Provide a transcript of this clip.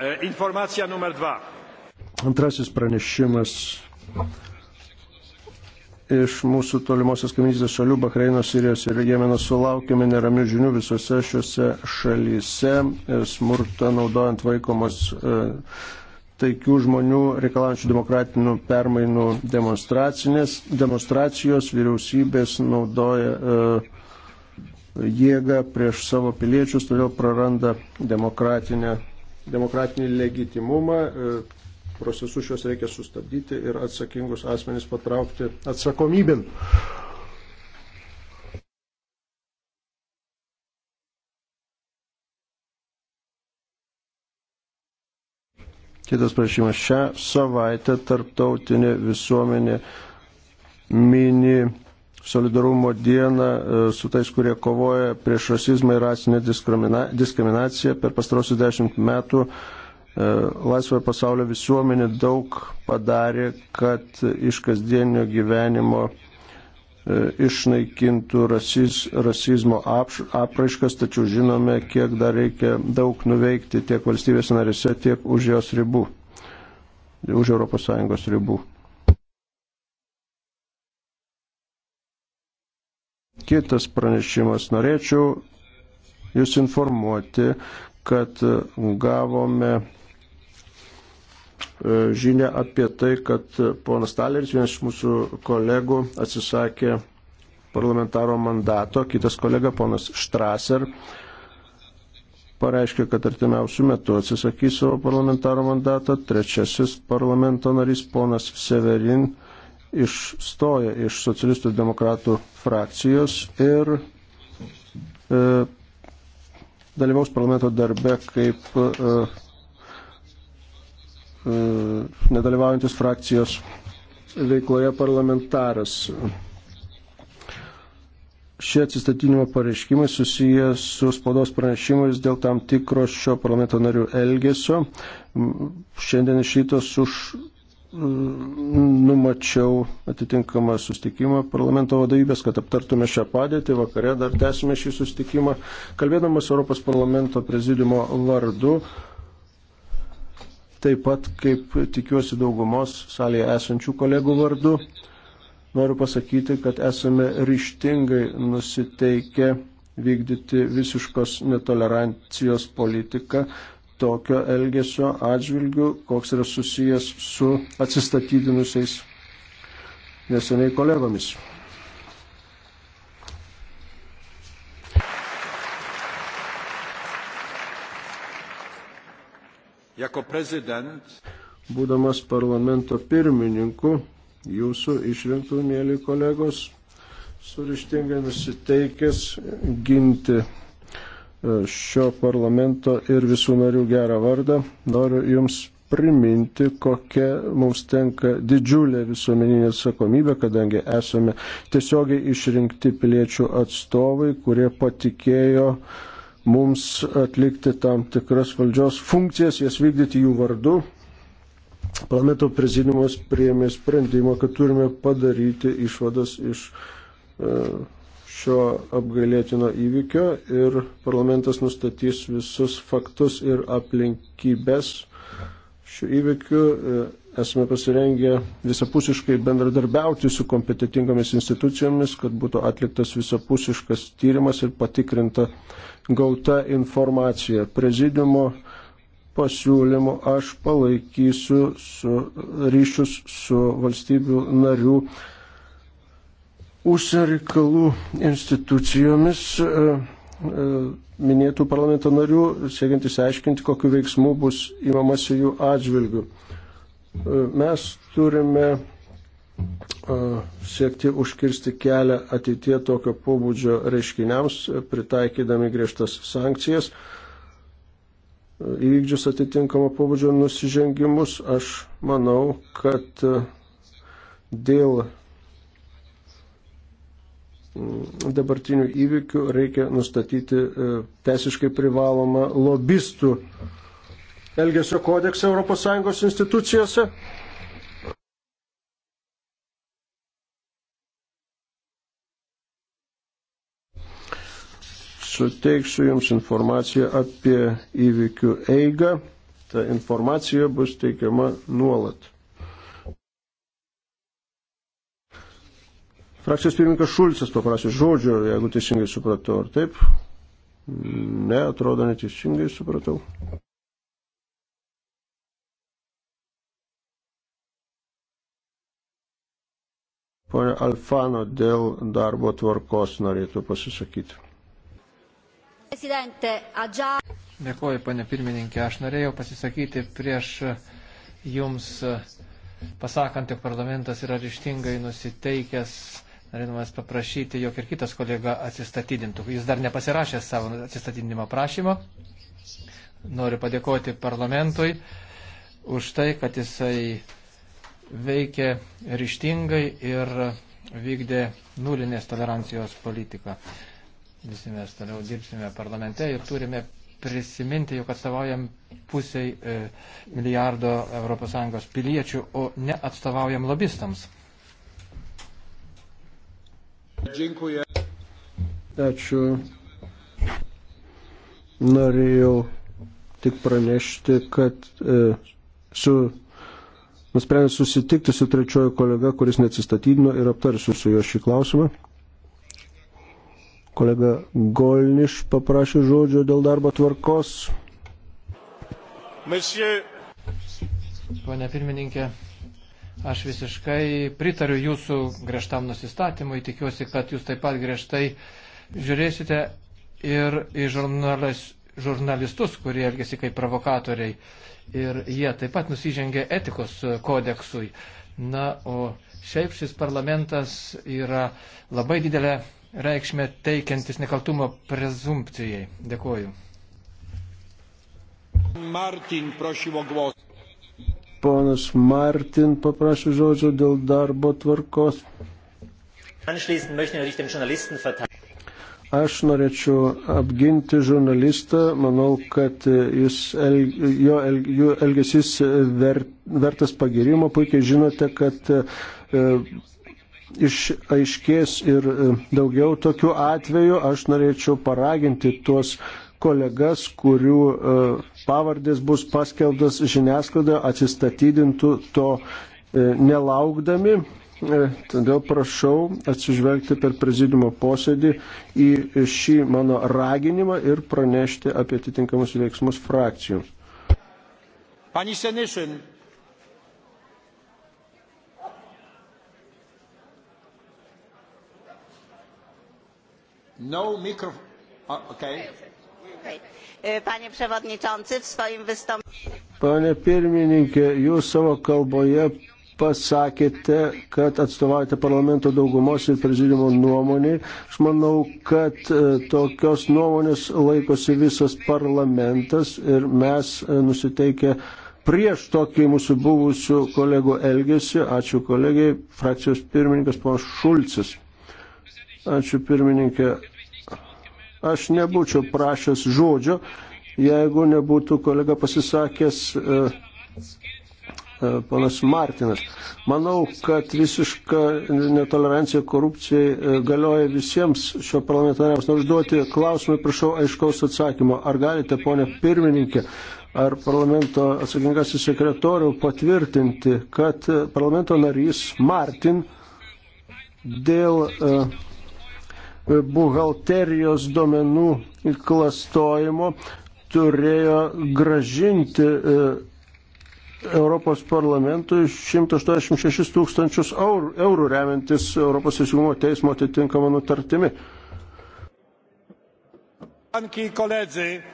E, Informacija numer 2. Antrasis pranešimas iš mūsų tolimosios kaiminystės šalių, Bahreino, Sirijos ir Jemeno sulaukime neramių žinių visose šiuose šalyse, e, smurtą naudojant vaikomas e, taikių žmonių reikalaujančių demokratinių permainų demonstracijos, vyriausybės naudoja jėgą prieš savo piliečius, todėl praranda demokratinę demokratinį legitimumą. E, procesus šios reikia sustabdyti ir atsakingus asmenys patraukti atsakomybin. Kitas prašymas. Šią savaitę tarptautinė visuomenė mini solidarumo dieną e, su tais, kurie kovoja prieš rasizmą ir rasinę diskriminaciją. Per pastarosius dešimt metų e, laisvojo pasaulio visuomenė daug padarė, kad iš kasdienio gyvenimo e, išnaikintų rasiz, rasizmo ap, apraiškas, tačiau žinome, kiek dar reikia daug nuveikti tiek valstybės narėse, tiek už jos ribų, už ES ribų. Kitas pranešimas. Norėčiau Jūs informuoti, kad gavome e, žinia apie tai, kad ponas Taleris, vienas iš mūsų kolegų, atsisakė parlamentaro mandato, kitas kolega ponas Štraser pareiškė, kad artimiausių metų atsisakys savo parlamentaro mandato, trečiasis parlamento narys ponas Severin išstoja iš socialistų demokratų frakcijos ir e, dalyvaus parlamento darbe kaip e, e, nedalyvaujantis frakcijos veikloje parlamentaras. Šie atsistatinimo pareiškimai susiję su spaudos pranešimais dėl tam tikro šio parlamento narių elgesio. Šiandien iš ryto už Mm, numačiau atitinkamą sustikimą parlamento vadovybės, kad aptartume šią padėtį. Vakare dar tęsime šį sustikimą. Kalbėdamas Europos parlamento prezidimo vardu, taip pat kaip tikiuosi daugumos salėje esančių kolegų vardu, noriu pasakyti, kad esame ryštingai nusiteikę vykdyti visiškos netolerancijos politiką tokio elgesio atžvilgių, koks yra susijęs su atsistatydinusiais neseniai kolegomis. Jako prezident. Būdamas parlamento pirmininku, jūsų išrinktų, mėly kolegos, surištingai nusiteikęs ginti E, šio parlamento ir visų narių gerą vardą. Noriu Jums priminti, kokia mums tenka didžiulė visuomeninė atsakomybė, kadangi esame tiesiogiai išrinkti piliečių atstovai, kurie patikėjo mums atlikti tam tikras valdžios funkcijas, jas vykdyti jų vardu. Planeto prezidimas priėmė sprendimą, kad turime padaryti išvadas iš. Uh, šio apgailėtino įvykio ir parlamentas nustatys visus faktus ir aplinkybės šių įvykių. E, esame pasirengę visapusiškai bendradarbiauti su kompetitingomis institucijomis, kad būtų atliktas visapusiškas tyrimas ir patikrinta gauta informacija. Prezidiumo pasiūlymu aš palaikysiu su ryšius su valstybių narių užsienio reikalų institucijomis e, e, minėtų parlamento narių, siekiant įsiaiškinti, kokiu veiksmu bus įmamasi jų atžvilgių. E, mes turime siekti užkirsti kelią ateitie tokio pobūdžio reiškiniams, pritaikydami griežtas sankcijas. Įvykdžius atitinkamą pobūdžio nusižengimus, aš manau, kad dėl Mm, dabartinių įvykių reikia nustatyti e, teisiškai privalomą lobistų Elgesio kodeksą ES institucijose. Suteiksiu Jums informaciją apie įvykių eigą. Ta informacija bus teikiama nuolat. Frakcijos pirmininkas Šulcas paprašė žodžio, jeigu teisingai supratau, ar taip? Ne, atrodo neteisingai supratau. Pone Alfano dėl darbo tvarkos norėtų pasisakyti. Dėkuoju, pane pirmininkė. Aš norėjau pasisakyti prieš jums pasakant, jog parlamentas yra ryštingai nusiteikęs norėdamas paprašyti, jog ir kitas kolega atsistatydintų. Jis dar nepasirašė savo atsistatydinimo prašymo. Noriu padėkoti parlamentui už tai, kad jisai veikė ryštingai ir vykdė nulinės tolerancijos politiką. Visi mes toliau dirbsime parlamente ir turime prisiminti, jog atstovaujam pusiai e, milijardo ES piliečių, o ne atstovaujam lobistams. Dziękuję. Ačiū. Norėjau tik pranešti, kad e, su nusprendė susitikti su trečiojo kolega, kuris neatsistatydino ir aptarsiu su juo šį klausimą. Kolega Golniš paprašė žodžio dėl darbo tvarkos. Monsieur. Pone pirmininkė, Aš visiškai pritariu jūsų griežtam nusistatymui, tikiuosi, kad jūs taip pat griežtai žiūrėsite ir į žurnalis, žurnalistus, kurie elgesi kaip provokatoriai. Ir jie taip pat nusižengė etikos kodeksui. Na, o šiaip šis parlamentas yra labai didelę reikšmę teikiantis nekaltumo prezumpcijai. Dėkuoju. Martin, prašymo głos. Ponas Martin paprašė žodžio dėl darbo tvarkos. Aš norėčiau apginti žurnalistą, manau, kad jis, el, jo el, jų elgesys ver, vertas pagirimo. Puikiai žinote, kad e, išaiškės ir e, daugiau tokių atvejų. Aš norėčiau paraginti tuos kolegas, kurių e, pavardės bus paskelbtas žiniasklaida, atsistatydintų to e, nelaukdami. E, todėl prašau atsižvelgti per prezidimo posėdį į šį mano raginimą ir pranešti apie atitinkamus veiksmus frakcijoms. Pani Senišin. No microphone. Okay. E, panie Przewodniczący, w swoim wystąpieniu. Panie pirmininkė, jūs savo kalboje pasakėte, kad atstovaujate parlamento daugumos ir prezidimo nuomonį. Aš manau, kad e, tokios nuomonės laikosi visas parlamentas ir mes e, nusiteikę prieš tokį mūsų buvusių kolegų elgesį. Ačiū kolegiai, frakcijos pirmininkas ponas Šulcis. Ačiū pirmininkė. Aš nebūčiau prašęs žodžio, jeigu nebūtų kolega pasisakęs e, e, panas Martinas. Manau, kad visiška netolerancija korupcijai e, galioja visiems šio parlamentariams. Noriu užduoti klausimą, prašau aiškaus atsakymo. Ar galite, ponė pirmininkė, ar parlamento atsakingasis sekretorių patvirtinti, kad parlamento narys Martin dėl uh, buhalterijos duomenų klastojimo turėjo gražinti e, Europos parlamentui 186 tūkstančius eurų, eurų remiantis Europos teisingumo teismo atitinkamą nutartimi. Anki koledzy,